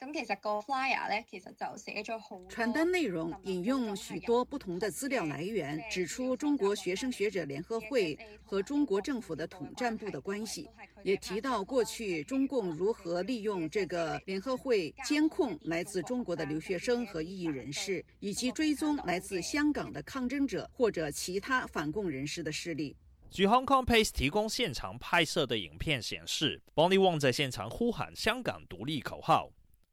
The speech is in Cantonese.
咁其實個 flyer 咧，其實就寫咗好多。傳單內容引用許多不同的資料來源，指出中國學生學者聯合會和中國政府的統戰部的關係，也提到過去中共如何利用這個聯合會監控來自中國的留學生和異議人士，以及追蹤來自香港的抗爭者或者其他反共人士的事例。據 Hong Kong Pace 提供現場拍攝的影片顯示，Bonnie Wong 在現場呼喊香港獨立口號。